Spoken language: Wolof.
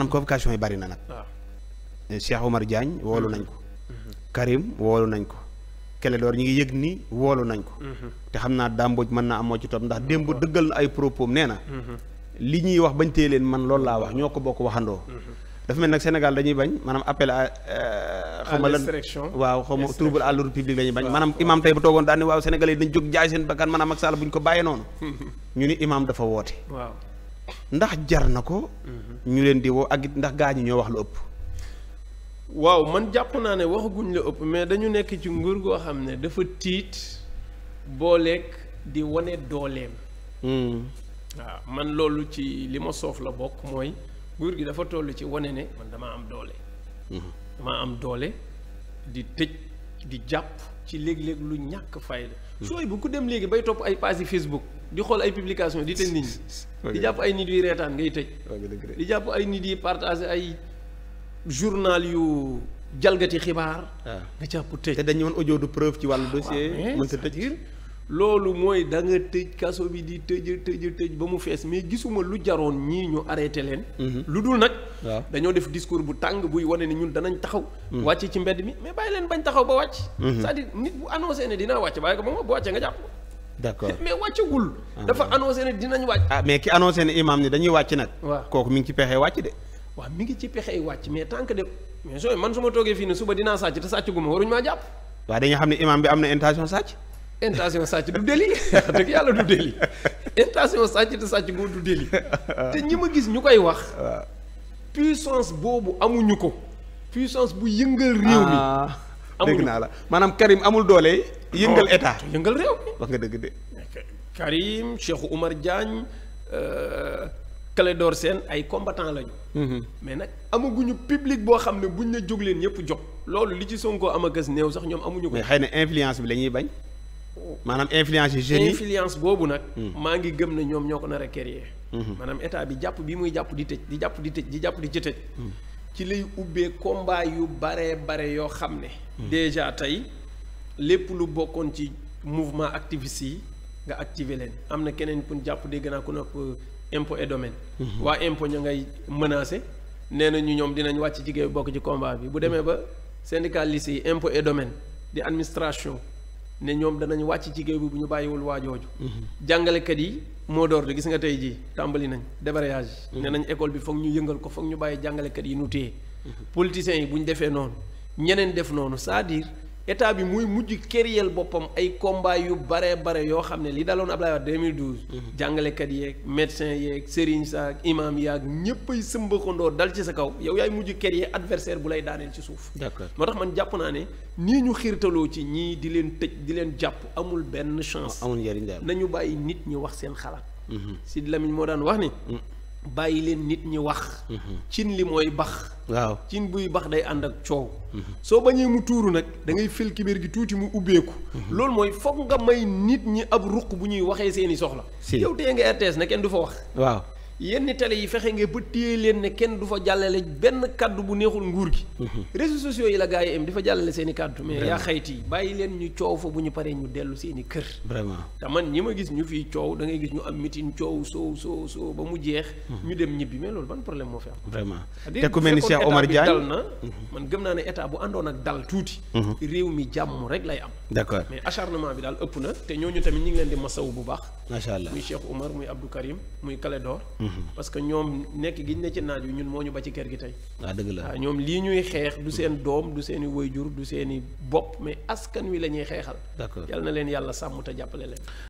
maanaam convocation yi bari na nag. Ah. Eh, Cheikh Omar Diagne woolu nañ ko. Mhm. Karim woolu nañ ko. Kelédoor ñi ngi yëg ni woolu nañ ko. Mhm. te xam naa dàmbooj mën na am moo ci topp ndax démb mhm. dëggal na ay propos nee na. li ñuy wax bañ téye leen man loolu laa wax ñoo ko bokk waxandoo. dafa mel nag Sénégal dañuy bañ maanaam appel à. Euh, xawma lan waaw xawma trouble à l'ordre public la ñuy bañ. maanaam imaam tey bu toogoon daal ni waaw sénégalais dañ jóg jaay seen bakkan maanaam ak Sall bu ñu ko bàyyee noonu. ñu ni imaam dafa woote. ndax jar na ko. Mhm. ñu leen di woo ak ndax gaa ñi ñoo wax lu ëpp. waaw man jàpp naa ne waxaguñ la ëpp mais dañu nekk ci nguur goo xam ne dafa tiit booleeg di wane dooleem. Hmm. waaw man loolu ci li ma soof la bokk mooy nguur gi dafa toll ci wane ne man dama am doole. Hmm. damaa am doole di tëj di jàpp ci léeg-léeg lu ñàkk fayda. Hmm. sooy bu ku dem léegi bay topp ay page yi Facebook. di xool ay publication di tëj nit ñi. di jàpp ay nit yuy reetaan ngay tëj. di jàpp ay nit yi partagé ay journal yu jalgati xibaar. Ah. nga jàpp tëj. te dañu woon audio de preuve ci wàllu dossier. Ah, mënta loolu mooy da nga tëj kaso bi di tëj tëj tëj ba mu fees mais gisuma lu jaroon ñii ñu arrêté leen. Mhm. lu dul nag. dañoo def discours bu tàng buy wane ni ñun danañ taxaw. Mhm. wàcc ci mbedd mi mais bàyyi leen bañ taxaw ba wàcc. Mhm. c'est-à-dire nit bu annoncé ne dinaa wàcc bàyyi ko moom bu wàccee nga jàpp ko. d'accord mais wàccagul. dafa ah. annoncé ne dinañ wàcc. ah mais ki annoncé ne imaam ni dañuy wàcc nag. waaw kooku mi ngi ci pexe wàcc de. waaw mi ngi ci pexe wàcc mais tant que de mais sooy man su ma toogee fii ne suba dinaa sàcc te sàcc gu ma waruñu maa jàpp. waaw dañuy xam ne imaam bi am na intention sàcc. intention sàcc du délit dëgg yàlla du délit intention sàcc te sàcc goo du délit ñi ma gis ñu koy wax. puissance boobu amuñu ko. puissance bu yëngal réew mi. Ah, dégg naa la maanaam Karim amul doole. yëngal oh. état yëngal réew wax nga dëgg de. Karim Cheikh Oumar Diagne euh, Clédor seen ay combattant lañu. Mhm. mais nag amaguñu public boo xam ne buñ ne jóg leen ñëpp jóg. loolu li ci Sonko am a gës néew sax ñoom amuñu ko. mais xëy na influence bi lañuy bañ. Oh. maanaam influence yi jeunes yi influence boobu nag. Hmm. maa ngi gëm ne ñoom ñoo ko nar a créer. Hmm. maanaam état bi jàpp bi muy jàpp di tëj di jàpp di tëj di jàpp di ci tëj. Hmm. ci lay ubbee combat yu baree bare yoo xam ne. déjà tey. lépp lu bokkoon ci mouvement activiste yi nga activer leen am na keneen pour jàpp dégg naa ku nopp euh, impôt et domaine. Mhm. waa impôt ña ngay menacé nee nañu ñoom dinañ wàcc jigéen bokk ci combat bi bu demee ba syndicaliste yi impo et domaine di administration ne ñoom danañ wàcc jigéen bi bu ñu bàyyiwul waa jooju. Mhm. jàngalekat yi moo door de gis nga tey jii tàmbali nañ débrayage. Mhm. ne nañ école bi foog ñu yëngal ko foog ñu bàyyi jàngalekat yi nu téye. yi bu ñu defee noonu ñeneen def noonu cest à état bi muy mujj kéréel boppam ay combat yu bare bare yoo xam ne li daloon Ablaye Wade 2012. Mhm. jàngalekat yeeg médecin yeeg sëriñ saak imam yaag ñëpp ay sëmbaxandoo dal ci sa kaw yow yaay mujj kéréel adversaire bu lay daaneel ci suuf. moo tax man jàpp naa ne nii ñu xiirtaloo ci ñii di leen tëj di leen jàpp amul benn chance. amul njëriñ daal nañu bàyyi nit ñi wax seen xalaat. Mhm. Sidi Lamine moo daan wax ni. Mhm. bàyyi leen nit ñi wax. Mhm. cin li mooy bax. waaw cin buy bax day ànd ak coow. Mhm. soo bañee mu tuuru nag da ngay fël gi tuuti mu ubbeeku. Mhm. loolu mooy foog nga may nit ñi ab ruq bu ñuy waxee seeni soxla. yow tee nga RTS nag kenn du fa wax. waaw yenn télé yi fexe nga ba téye leen ne kenn du fa jàllale benn kàddu bu neexul nguur gi. Mhm. réseaux sociaux yi la gars yi am di fa jàllale seen i kaddu. mais yaa xayti bàyyi leen ñu coow fa bu ñu paree ñu dellu seen i kër. vraiment te man ñi ma gis ñu fiy coow da ngay gis ñu am meeting coow soo soo soo ba mu jeex. Mhm. ñu dem ñibbi mais loolu ban problème moo fi am. vraiment te ku mel ni Cheikh Omar Diagne mhm. man gëm naa ne état bu àndoon ak dal tuuti. réew mi jàmm rek lay am. d'accord mais acharnement bi daal ëpp na te ñooñu tamit ñu ngi leen di masawu bu baax. macha allah muy Cheikh Omar muy Abdou Karim muy Clédor parce que ñoom nekk gi ne ci naaj wi ñun moo ñu ba ci kër gi tey. waaw ah, dëgg la waaw ah, ñoom lii ñuy xeex du seen doom du seeni i jur du seeni bopp mais askan wi la ñuy xeexal. d'accord yal na leen yàlla sàmm te jàppale leen.